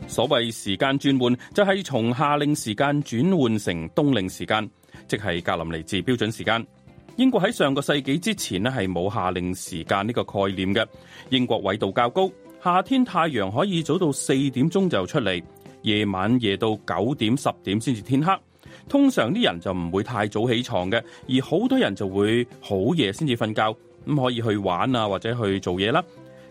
所謂時間轉換，就係、是、從夏令時間轉換成冬令時間，即係格林尼治標準時間。英國喺上個世紀之前呢係冇夏令時間呢個概念嘅。英國緯度較高，夏天太陽可以早到四點鐘就出嚟，夜晚夜到九點十點先至天黑。通常啲人就唔會太早起床嘅，而好多人就會好夜先至瞓覺，咁可以去玩啊或者去做嘢啦。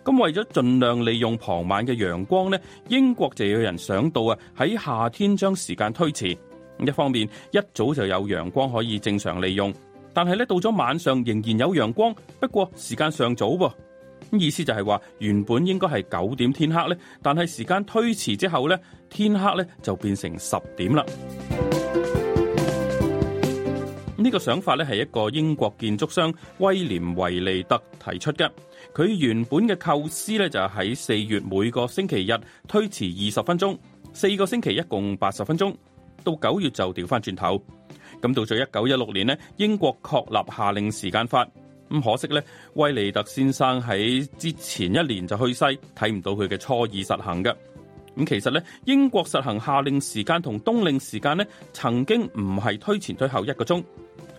咁為咗盡量利用傍晚嘅陽光呢，英國就有人想到啊喺夏天將時間推遲。一方面一早就有陽光可以正常利用。但係咧，到咗晚上仍然有陽光，不過時間尚早噃。意思就係話，原本應該係九點天黑咧，但係時間推遲之後咧，天黑咧就變成十點啦。呢 個想法咧係一個英國建築商威廉維利特提出嘅。佢原本嘅構思咧就係喺四月每個星期日推遲二十分鐘，四個星期一共八十分鐘，到九月就調翻轉頭。咁到咗一九一六年呢，英國確立夏令時間法。咁可惜呢，威尼特先生喺之前一年就去世，睇唔到佢嘅初意實行嘅。咁其實呢，英國實行夏令時間同冬令時間呢，曾經唔係推前推後一個鐘。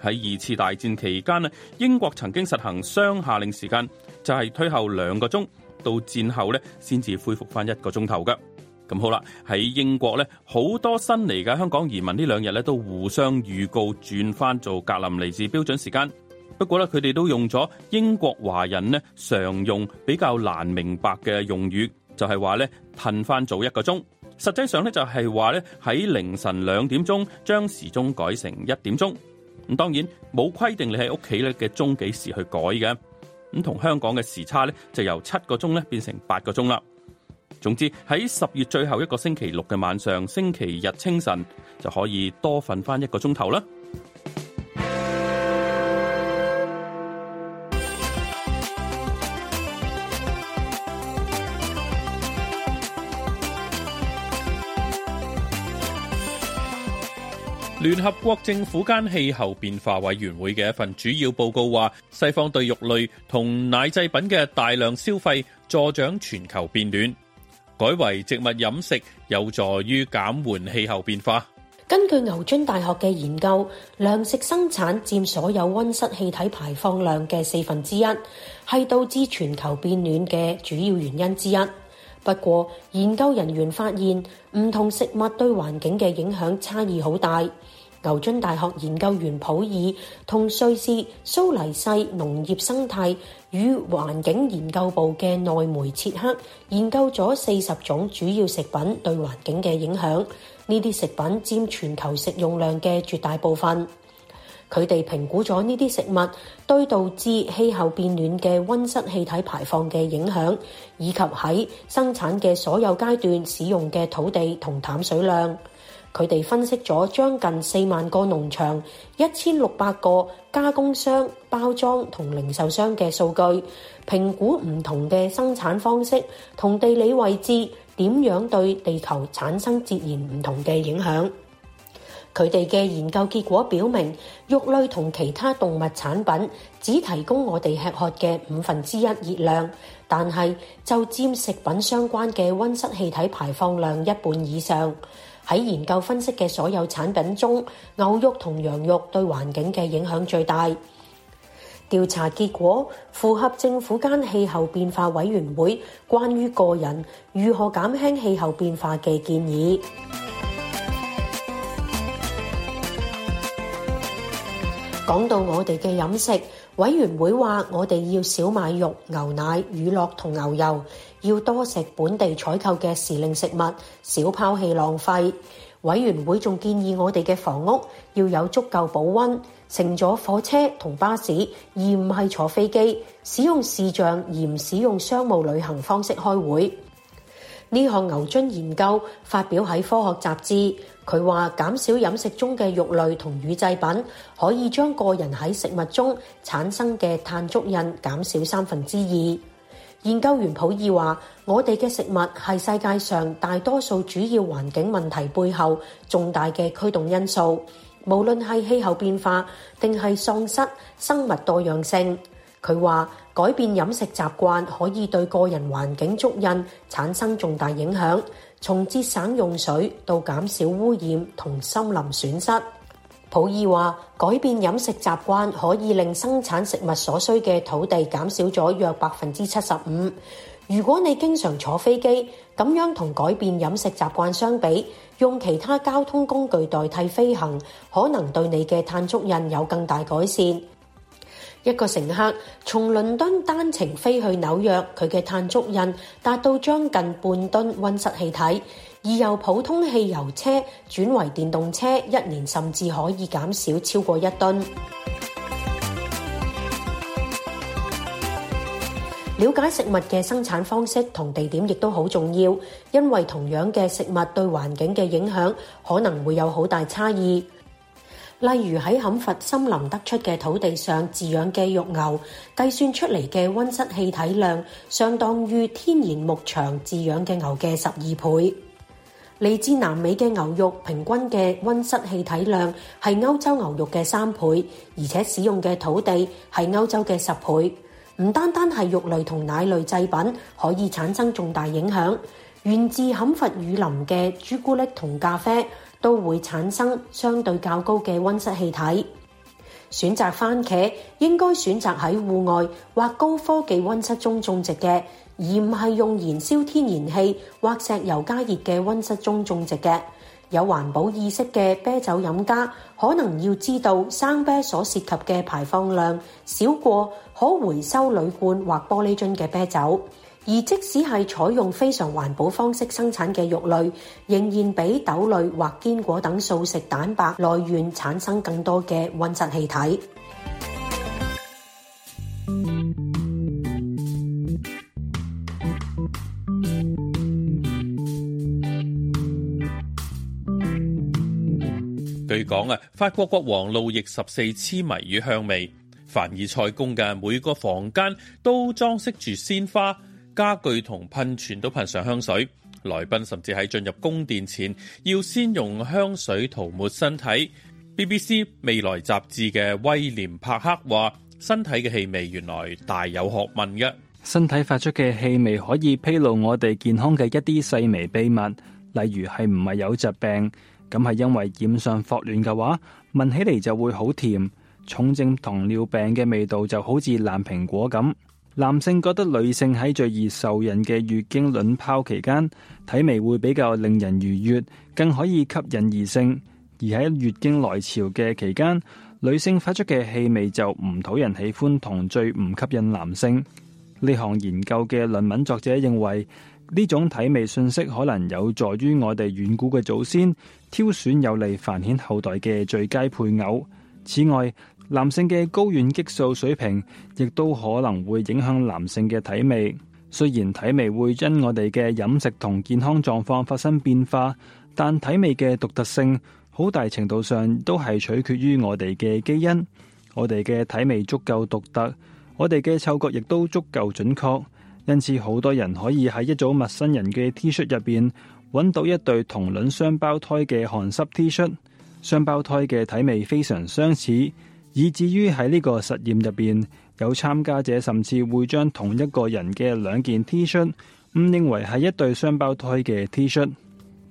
喺二次大戰期間呢，英國曾經實行雙夏令時間，就係推後兩個鐘，到戰後呢，先至恢復翻一個鐘頭嘅。咁好啦，喺英國咧，好多新嚟嘅香港移民呢兩日咧都互相預告轉翻做格林尼治標準時間。不過咧，佢哋都用咗英國華人呢常用比較難明白嘅用語，就係話咧褪翻早一個鐘。實際上咧就係話咧喺凌晨兩點鐘將時鐘改成一點鐘。咁當然冇規定你喺屋企咧嘅鐘幾時去改嘅。咁同香港嘅時差咧就由七個鐘咧變成八個鐘啦。總之喺十月最後一個星期六嘅晚上，星期日清晨就可以多瞓翻一個鐘頭啦。聯合國政府間氣候變化委員會嘅一份主要報告話，西方對肉類同奶製品嘅大量消費，助長全球變暖。改為植物飲食有助於減緩氣候變化。根據牛津大學嘅研究，糧食生產佔所有温室氣體排放量嘅四分之一，係導致全球變暖嘅主要原因之一。不過，研究人員發現唔同食物對環境嘅影響差異好大。牛津大學研究員普爾同瑞士蘇黎世農業生態與環境研究部嘅內梅切克研究咗四十種主要食品對環境嘅影響，呢啲食品佔全球食用量嘅絕大部分。佢哋評估咗呢啲食物對導致氣候變暖嘅温室氣體排放嘅影響，以及喺生產嘅所有階段使用嘅土地同淡水量。佢哋分析咗將近四萬個農場、一千六百個加工商、包裝同零售商嘅數據，評估唔同嘅生產方式同地理位置點樣對地球產生截然唔同嘅影響。佢哋嘅研究結果表明，肉類同其他動物產品只提供我哋吃喝嘅五分之一熱量，但係就佔食品相關嘅温室氣體排放量一半以上。喺研究分析嘅所有產品中，牛肉同羊肉對環境嘅影響最大。調查結果符合政府間氣候變化委員會關於個人如何減輕氣候變化嘅建議。講 到我哋嘅飲食，委員會話我哋要少買肉、牛奶、乳酪同牛油。要多食本地採購嘅時令食物，少拋棄浪費。委員會仲建議我哋嘅房屋要有足夠保溫，乘咗火車同巴士而唔係坐飛機，使用視像而唔使用商務旅行方式開會。呢項牛津研究發表喺科學雜誌，佢話減少飲食中嘅肉類同乳製品，可以將個人喺食物中產生嘅碳足印減少三分之二。研究員普爾話，我哋嘅食物係世界上大多數主要環境問題背後重大嘅驅動因素，無論係氣候變化，定係喪失生物多樣性。佢話，改變飲食習慣可以對個人環境足印產生重大影響，從節省用水到減少污染同森林損失。普爾話：改變飲食習慣可以令生產食物所需嘅土地減少咗約百分之七十五。如果你經常坐飛機，咁樣同改變飲食習慣相比，用其他交通工具代替飛行，可能對你嘅碳足印有更大改善。一個乘客從倫敦單程飛去紐約，佢嘅碳足印達到將近半噸溫室氣體。而由普通汽油車轉為電動車，一年甚至可以減少超過一噸。嚟自南美嘅牛肉平均嘅溫室氣體量係歐洲牛肉嘅三倍，而且使用嘅土地係歐洲嘅十倍。唔單單係肉類同奶類製品可以產生重大影響，源自砍伐雨林嘅朱古力同咖啡都會產生相對較高嘅溫室氣體。選擇番茄，應該選擇喺戶外或高科技溫室中種植嘅。而唔係用燃燒天然氣或石油加熱嘅溫室中種植嘅。有環保意識嘅啤酒飲家可能要知道生啤所涉及嘅排放量少過可回收鋁罐或玻璃樽嘅啤酒。而即使係採用非常環保方式生產嘅肉類，仍然比豆類或堅果等素食蛋白來源產生更多嘅溫室氣體。 據講啊，法國國王路易十四痴迷於香味，凡爾賽宮嘅每個房間都裝飾住鮮花，家具同噴泉都噴上香水。來賓甚至喺進入宮殿前要先用香水塗抹身體。BBC 未來雜誌嘅威廉帕克話：身體嘅氣味原來大有學問嘅，身體發出嘅氣味可以披露我哋健康嘅一啲細微秘密，例如係唔係有疾病。咁係因為染上霍亂嘅話，聞起嚟就會好甜；重症糖尿病嘅味道就好似爛蘋果咁。男性覺得女性喺最易受孕嘅月經卵泡期間，體味會比較令人愉悅，更可以吸引異性；而喺月經來潮嘅期間，女性發出嘅氣味就唔討人喜歡，同最唔吸引男性。呢項研究嘅論文作者認為。呢種體味信息可能有助於我哋遠古嘅祖先挑選有利繁衍後代嘅最佳配偶。此外，男性嘅睾丸激素水平亦都可能會影響男性嘅體味。雖然體味會因我哋嘅飲食同健康狀況發生變化，但體味嘅獨特性好大程度上都係取決於我哋嘅基因。我哋嘅體味足夠獨特，我哋嘅嗅覺亦都足夠準確。因此，好多人可以喺一組陌生人嘅 T 恤入邊揾到一對同卵雙胞胎嘅汗濕 T 恤。雙胞胎嘅體味非常相似，以至於喺呢個實驗入邊，有參加者甚至會將同一個人嘅兩件 T 恤誤認為係一對雙胞胎嘅 T 恤。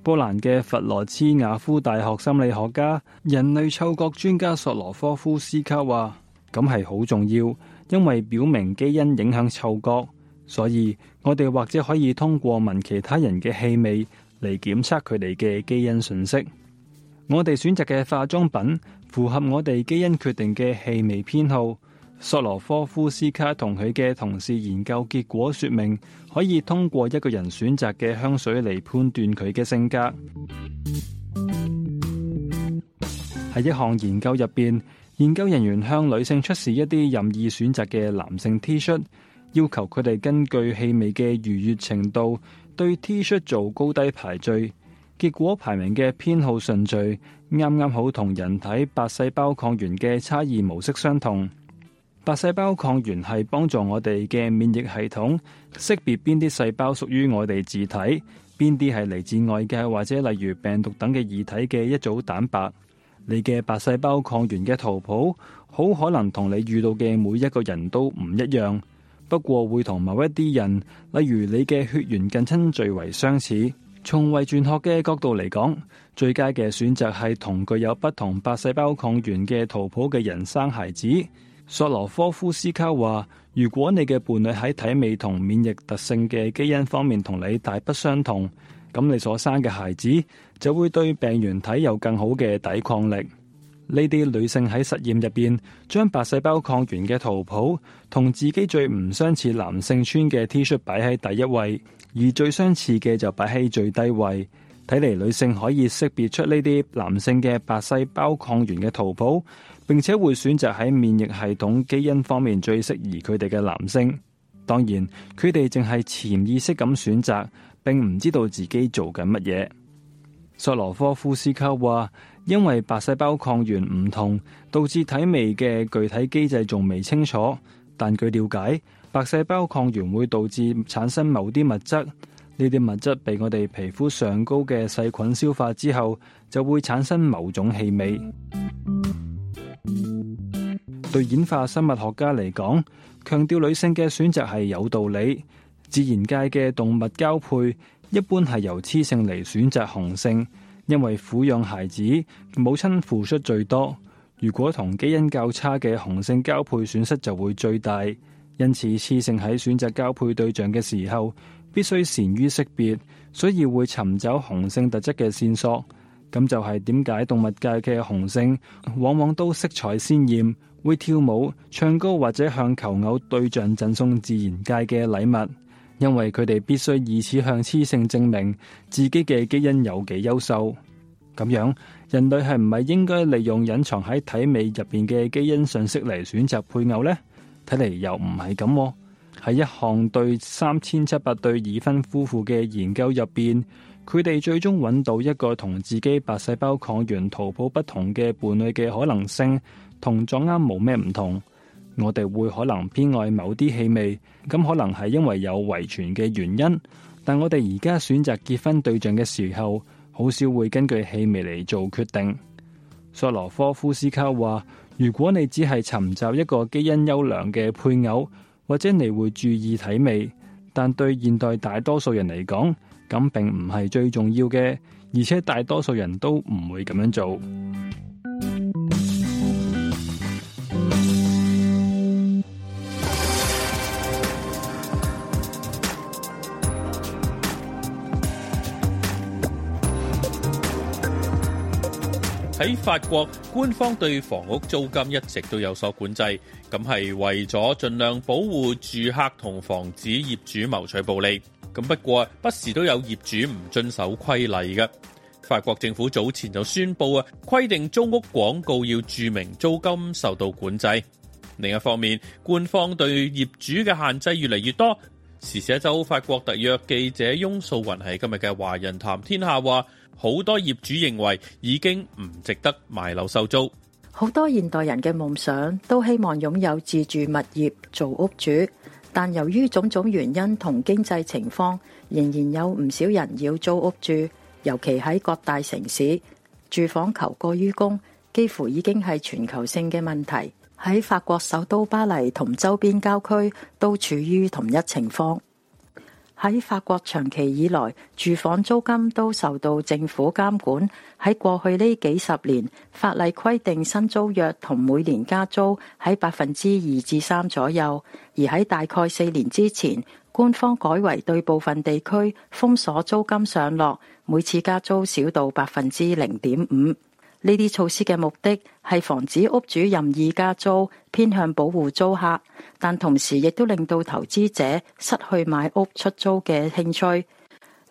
波蘭嘅弗羅茨瓦夫大學心理學家、人類嗅覺專家索羅科夫斯卡話：咁係好重要，因為表明基因影響嗅覺。所以，我哋或者可以通過聞其他人嘅氣味嚟檢測佢哋嘅基因信息。我哋選擇嘅化妝品符合我哋基因決定嘅氣味偏好。索羅科夫斯卡同佢嘅同事研究結果說明，可以通過一個人選擇嘅香水嚟判斷佢嘅性格。喺一項研究入邊，研究人員向女性出示一啲任意選擇嘅男性 T 恤。Shirt, 要求佢哋根據氣味嘅愉悅程度對 T 卹做高低排序，結果排名嘅偏好順序啱啱好同人體白細胞抗原嘅差異模式相同。白細胞抗原係幫助我哋嘅免疫系統識別邊啲細胞屬於我哋自體，邊啲係嚟自外界或者例如病毒等嘅異體嘅一組蛋白。你嘅白細胞抗原嘅圖譜，好可能同你遇到嘅每一個人都唔一樣。不過會同某一啲人，例如你嘅血緣近親最為相似。從遺傳學嘅角度嚟講，最佳嘅選擇係同具有不同白細胞抗原嘅圖譜嘅人生孩子。索羅科夫斯卡話：如果你嘅伴侶喺體味同免疫特性嘅基因方面同你大不相同，咁你所生嘅孩子就會對病原體有更好嘅抵抗力。呢啲女性喺實驗入邊，將白細胞抗原嘅圖譜同自己最唔相似男性穿嘅 T 恤擺喺第一位，而最相似嘅就擺喺最低位。睇嚟女性可以識別出呢啲男性嘅白細胞抗原嘅圖譜，並且會選擇喺免疫系統基因方面最適宜佢哋嘅男性。當然，佢哋淨係潛意識咁選擇，並唔知道自己做緊乜嘢。索羅科夫斯卡話。因為白細胞抗原唔同，導致體味嘅具體機制仲未清楚。但據了解，白細胞抗原會導致產生某啲物質，呢啲物質被我哋皮膚上高嘅細菌消化之後，就會產生某種氣味。對演化生物學家嚟講，強調女性嘅選擇係有道理。自然界嘅動物交配一般係由雌性嚟選擇雄性。因為撫養孩子，母親付出最多。如果同基因較差嘅雄性交配，損失就會最大。因此，雌性喺選擇交配對象嘅時候，必須善於識別，所以會尋找雄性特質嘅線索。噉就係點解動物界嘅雄性往往都色彩鮮艷，會跳舞、唱歌或者向求偶對象贈送自然界嘅禮物。因為佢哋必須以此向雌性證明自己嘅基因有幾優秀。咁樣，人類係唔係應該利用隱藏喺體味入邊嘅基因信息嚟選擇配偶呢？睇嚟又唔係咁。喺一項對三千七百對已婚夫婦嘅研究入邊，佢哋最終揾到一個同自己白細胞抗原圖譜不同嘅伴侶嘅可能性，同撞啱冇咩唔同。我哋會可能偏愛某啲氣味，咁可能係因為有遺傳嘅原因。但我哋而家選擇結婚對象嘅時候，好少會根據氣味嚟做決定。索羅科夫斯卡話，如果你只係尋找一個基因優良嘅配偶，或者你會注意體味，但對現代大多數人嚟講，咁並唔係最重要嘅，而且大多數人都唔會咁樣做。喺法國，官方對房屋租金一直都有所管制，咁係為咗盡量保護住客同防止業主謀取暴利。咁不過不時都有業主唔遵守規例嘅。法國政府早前就宣布啊，規定租屋廣告要注明租金受到管制。另一方面，官方對業主嘅限制越嚟越多。時事一周，法國特約記者翁素雲喺今日嘅華人談天下話。好多業主認為已經唔值得買樓收租。好多現代人嘅夢想都希望擁有自住物業做屋主，但由於種種原因同經濟情況，仍然有唔少人要租屋住。尤其喺各大城市，住房求過於供，幾乎已經係全球性嘅問題。喺法國首都巴黎同周邊郊區都處於同一情況。喺法國長期以來，住房租金都受到政府監管。喺過去呢幾十年，法例規定新租約同每年加租喺百分之二至三左右。而喺大概四年之前，官方改為對部分地區封鎖租金上落，每次加租少到百分之零點五。呢啲措施嘅目的係防止屋主任意加租，偏向保護租客，但同時亦都令到投資者失去買屋出租嘅興趣。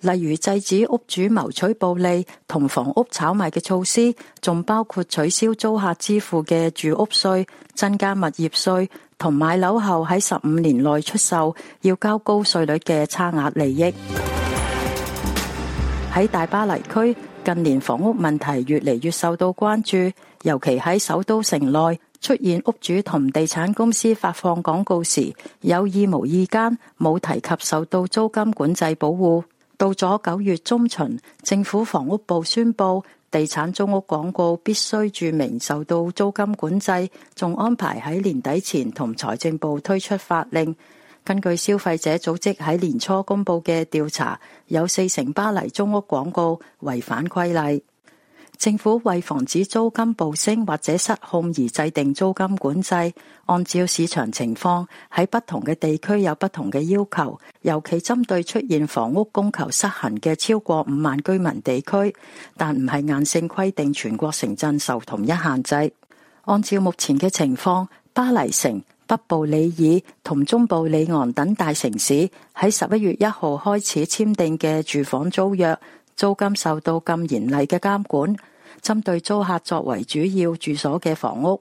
例如製止屋主謀取暴利同房屋炒賣嘅措施，仲包括取消租客支付嘅住屋稅、增加物業稅同買樓後喺十五年內出售要交高稅率嘅差額利益。喺大巴黎區。近年房屋問題越嚟越受到關注，尤其喺首都城內出現屋主同地產公司發放廣告時，有意無意間冇提及受到租金管制保護。到咗九月中旬，政府房屋部宣布地產租屋廣告必須註明受到租金管制，仲安排喺年底前同財政部推出法令。根據消費者組織喺年初公布嘅調查，有四成巴黎租屋廣告違反規例。政府為防止租金暴升或者失控而制定租金管制，按照市場情況，喺不同嘅地區有不同嘅要求，尤其針對出現房屋供求失衡嘅超過五萬居民地區，但唔係硬性規定全國城鎮受同一限制。按照目前嘅情況，巴黎城，北部里爾同中部里昂等大城市喺十一月一號開始簽訂嘅住房租約，租金受到咁嚴厲嘅監管。針對租客作為主要住所嘅房屋，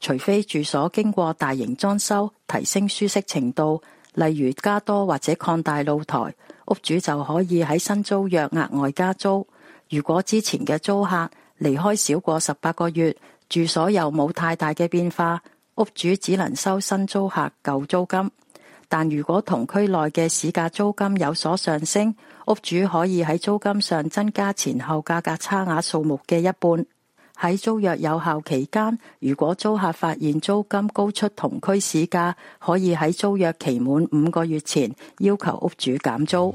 除非住所經過大型裝修，提升舒適程度，例如加多或者擴大露台，屋主就可以喺新租約額外加租。如果之前嘅租客離開少過十八個月，住所又冇太大嘅變化。屋主只能收新租客舊租金，但如果同區內嘅市價租金有所上升，屋主可以喺租金上增加前後價格差額數目嘅一半。喺租約有效期間，如果租客發現租金高出同區市價，可以喺租約期滿五個月前要求屋主減租。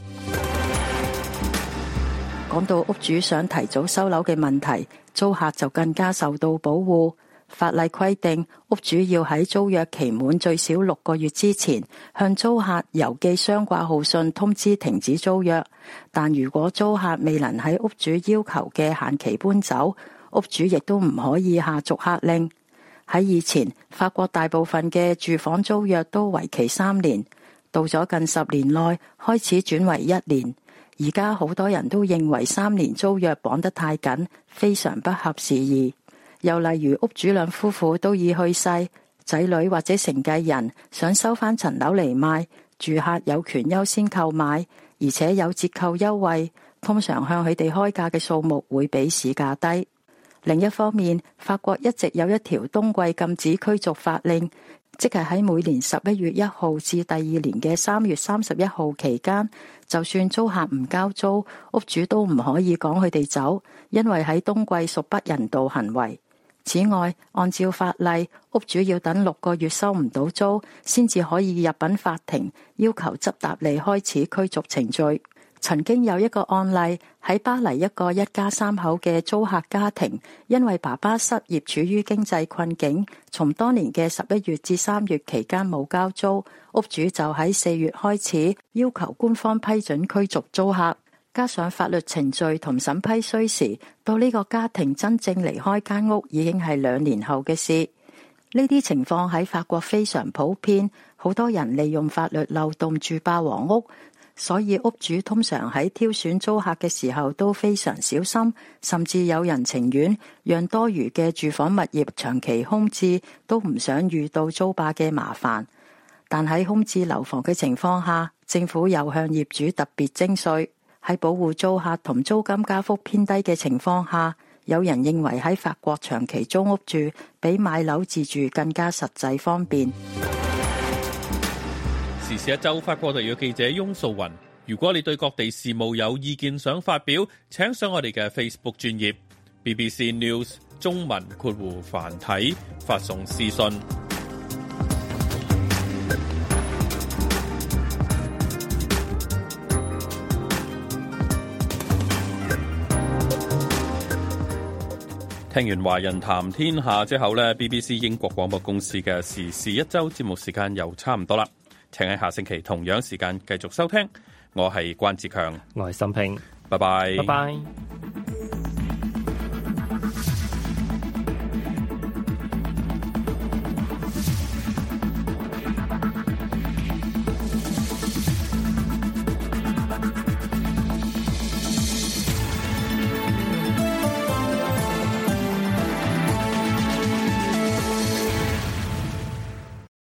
講到屋主想提早收樓嘅問題，租客就更加受到保護。法例規定，屋主要喺租約期滿最少六個月之前，向租客郵寄雙掛號信通知停止租約。但如果租客未能喺屋主要求嘅限期搬走，屋主亦都唔可以下逐客令。喺以前，法國大部分嘅住房租約都為期三年，到咗近十年內開始轉為一年。而家好多人都認為三年租約綁得太緊，非常不合時宜。又例如屋主兩夫婦都已去世，仔女或者承繼人想收返層樓嚟賣，住客有權優先購買，而且有折扣優惠。通常向佢哋開價嘅數目會比市價低。另一方面，法國一直有一條冬季禁止驅逐法令，即係喺每年十一月一號至第二年嘅三月三十一號期間，就算租客唔交租，屋主都唔可以趕佢哋走，因為喺冬季屬不人道行為。此外，按照法例，屋主要等六個月收唔到租，先至可以入稟法庭要求執達吏開始驅逐程序。曾經有一個案例，喺巴黎一個一家三口嘅租客家庭，因為爸爸失業處於經濟困境，從當年嘅十一月至三月期間冇交租，屋主就喺四月開始要求官方批准驅逐租客。加上法律程序同審批需時，到呢個家庭真正離開間屋已經係兩年後嘅事。呢啲情況喺法國非常普遍，好多人利用法律漏洞住霸王屋，所以屋主通常喺挑選租客嘅時候都非常小心，甚至有人情願讓多餘嘅住房物業長期空置，都唔想遇到租霸嘅麻煩。但喺空置樓房嘅情況下，政府又向業主特別徵稅。喺保護租客同租金加幅偏低嘅情況下，有人認為喺法國長期租屋住，比買樓自住更加實際方便。時事一周，法國地嘅記者翁素雲。如果你對各地事務有意見想發表，請上我哋嘅 Facebook 專業 BBC News 中文括弧繁體發送私信。聽完華人談天下之後呢，BBC 英國廣播公司嘅時事一周節目時間又差唔多啦，請喺下星期同樣時間繼續收聽，我係關志強，我係沈平，拜拜 bye，拜拜。